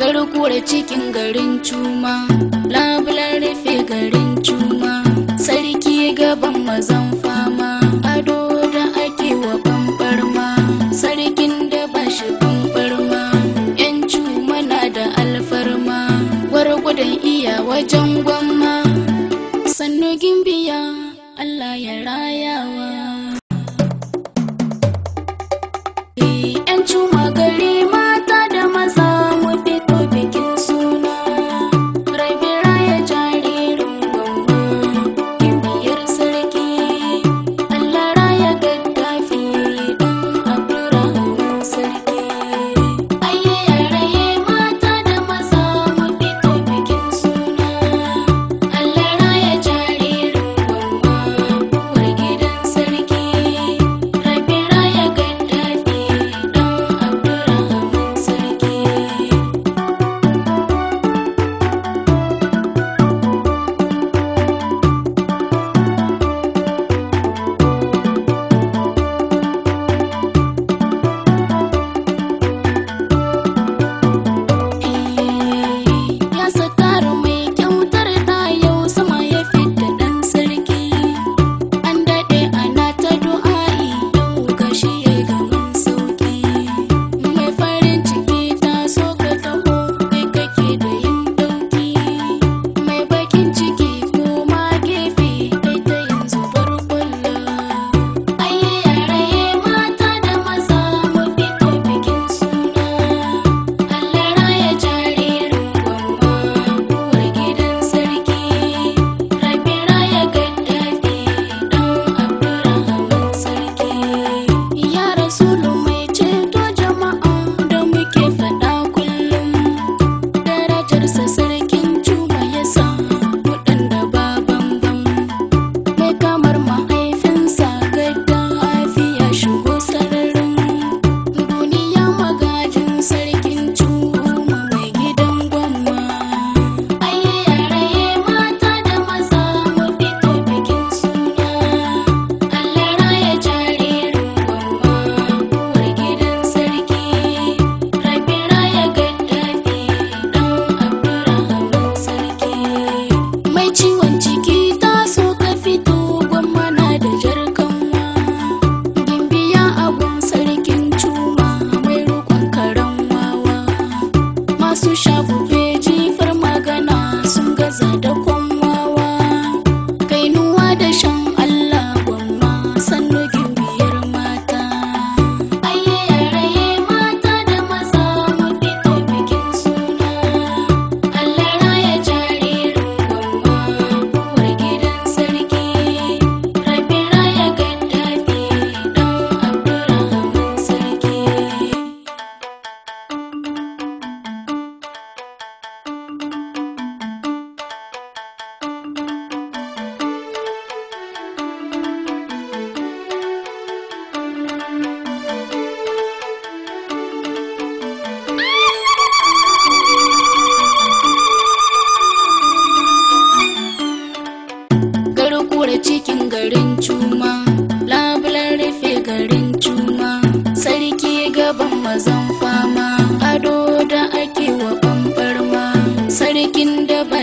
Garkuwar cikin garin cuma, labulan rufe garin cuma, sarki gaban mazan fama. wajen gwamma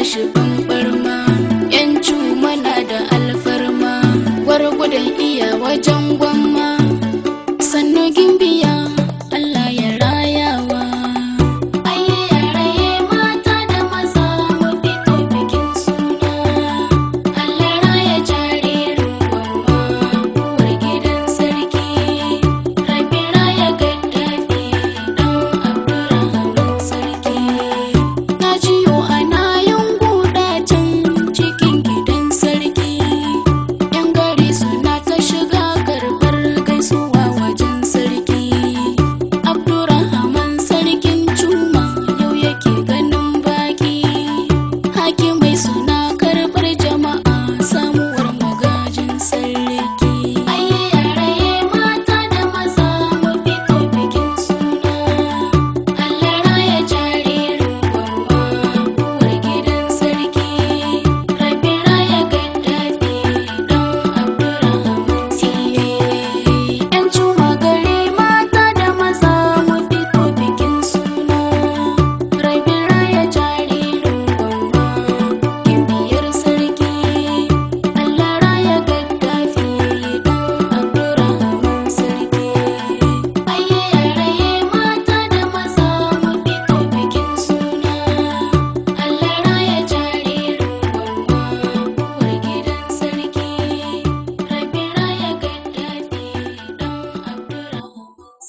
tashi ɓanɓarma 'yancin mana da alfarma gwargwadon iya wajen